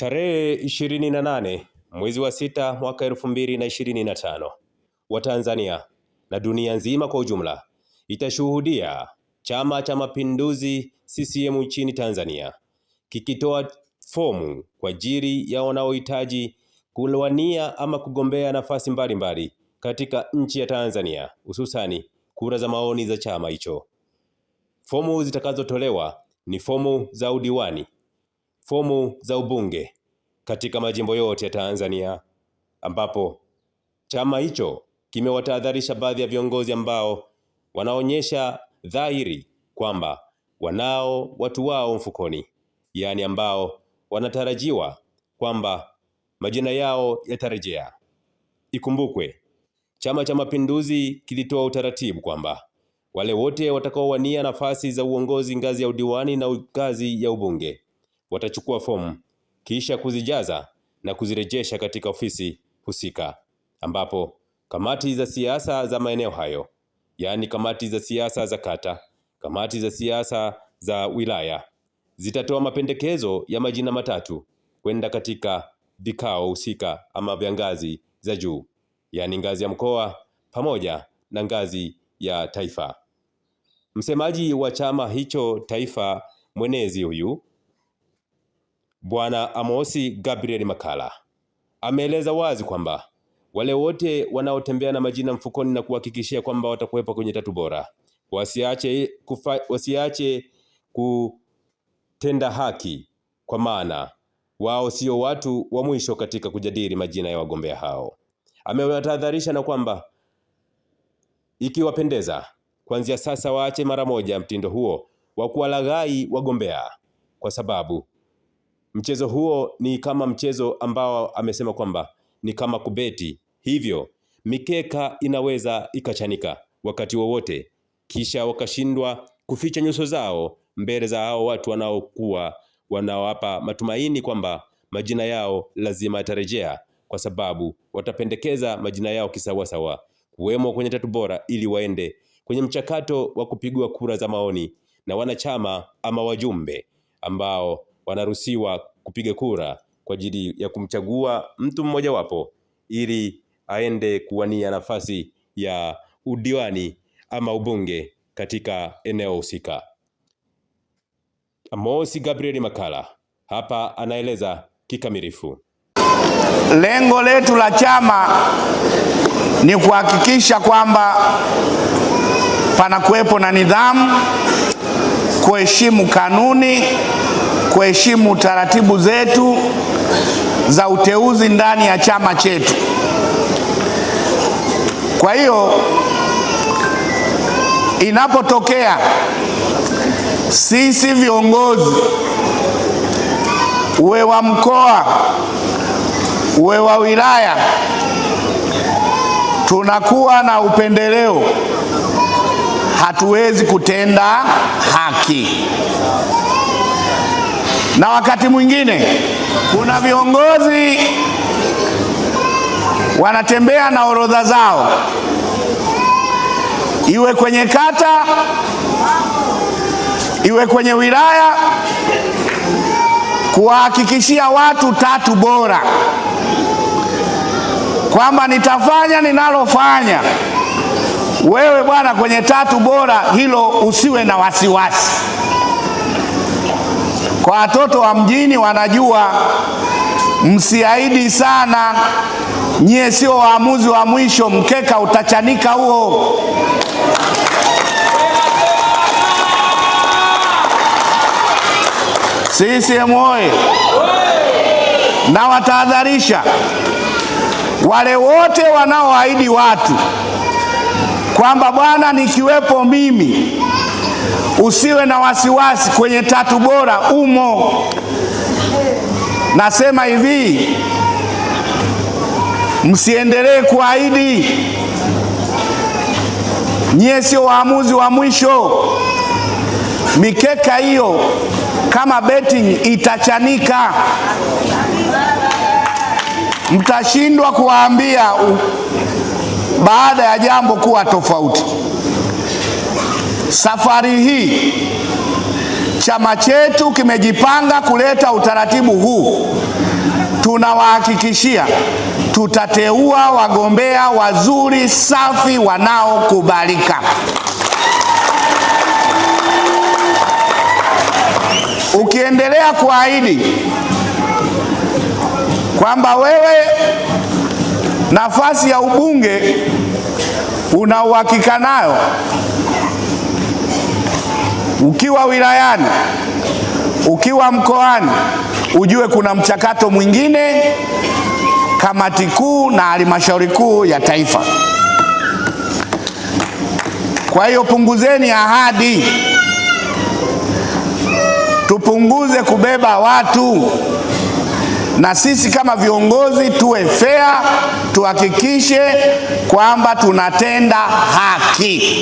Tarehe ishirini na nane mwezi wa sita mwaka elfu mbili na ishirini na tano Watanzania na dunia nzima kwa ujumla itashuhudia Chama cha Mapinduzi CCM nchini Tanzania kikitoa fomu kwa ajili ya wanaohitaji kulwania ama kugombea nafasi mbalimbali mbali katika nchi ya Tanzania hususani kura za maoni za chama hicho. Fomu zitakazotolewa ni fomu za udiwani fomu za ubunge katika majimbo yote ya Tanzania, ambapo chama hicho kimewatahadharisha baadhi ya viongozi ambao wanaonyesha dhahiri kwamba wanao watu wao mfukoni, yaani ambao wanatarajiwa kwamba majina yao yatarejea. Ikumbukwe, Chama cha Mapinduzi kilitoa utaratibu kwamba wale wote watakaowania nafasi za uongozi ngazi ya udiwani na ngazi ya ubunge watachukua fomu kisha kuzijaza na kuzirejesha katika ofisi husika, ambapo kamati za siasa za maeneo hayo, yaani kamati za siasa za kata, kamati za siasa za wilaya zitatoa mapendekezo ya majina matatu kwenda katika vikao husika ama vya ngazi za juu, yaani ngazi ya mkoa pamoja na ngazi ya taifa. Msemaji wa chama hicho taifa mwenezi huyu Bwana Amosi Gabriel makala ameeleza wazi kwamba wale wote wanaotembea na majina mfukoni na kuhakikishia kwamba watakuwepo kwenye tatu bora wasiache, kufa, wasiache kutenda haki kwa maana wao sio watu wa mwisho katika kujadili majina ya wagombea hao. Amewatahadharisha na kwamba ikiwapendeza, kuanzia sasa waache mara moja mtindo huo wa kuwalaghai wagombea kwa sababu Mchezo huo ni kama mchezo ambao amesema kwamba ni kama kubeti, hivyo mikeka inaweza ikachanika wakati wowote, kisha wakashindwa kuficha nyuso zao mbele za hao watu wanaokuwa wanawapa matumaini kwamba majina yao lazima yatarejea, kwa sababu watapendekeza majina yao kisawasawa kuwemo kwenye tatu bora ili waende kwenye mchakato wa kupigwa kura za maoni na wanachama ama wajumbe ambao wanaruhusiwa kupiga kura kwa ajili ya kumchagua mtu mmojawapo ili aende kuwania nafasi ya udiwani ama ubunge katika eneo husika. Amosi Gabriel Makala hapa anaeleza kikamilifu. Lengo letu la chama ni kuhakikisha kwamba panakuwepo na nidhamu, kuheshimu kanuni kuheshimu taratibu zetu za uteuzi ndani ya chama chetu. Kwa hiyo inapotokea sisi viongozi, uwe wa mkoa, uwe wa wilaya, tunakuwa na upendeleo, hatuwezi kutenda haki. Na wakati mwingine kuna viongozi wanatembea na orodha zao, iwe kwenye kata, iwe kwenye wilaya, kuwahakikishia watu tatu bora kwamba nitafanya ninalofanya wewe bwana, kwenye tatu bora hilo usiwe na wasiwasi. Watoto wa mjini wanajua, msiahidi sana, nyie sio waamuzi wa mwisho, mkeka utachanika huo. CCM oye! Na watahadharisha wale wote wanaoahidi watu kwamba bwana, nikiwepo mimi Usiwe na wasiwasi, kwenye tatu bora umo. Nasema hivi, msiendelee kuahidi. Nyie sio waamuzi wa mwisho. Mikeka hiyo kama betting itachanika, mtashindwa kuwaambia baada ya jambo kuwa tofauti. Safari hii chama chetu kimejipanga kuleta utaratibu huu. Tunawahakikishia tutateua wagombea wazuri, safi, wanaokubalika. Ukiendelea kuahidi kwamba wewe nafasi ya ubunge una uhakika nayo ukiwa wilayani, ukiwa mkoani, ujue kuna mchakato mwingine, kamati kuu na halmashauri kuu ya taifa. Kwa hiyo punguzeni ahadi, tupunguze kubeba watu, na sisi kama viongozi tuwe fair, tuhakikishe kwamba tunatenda haki.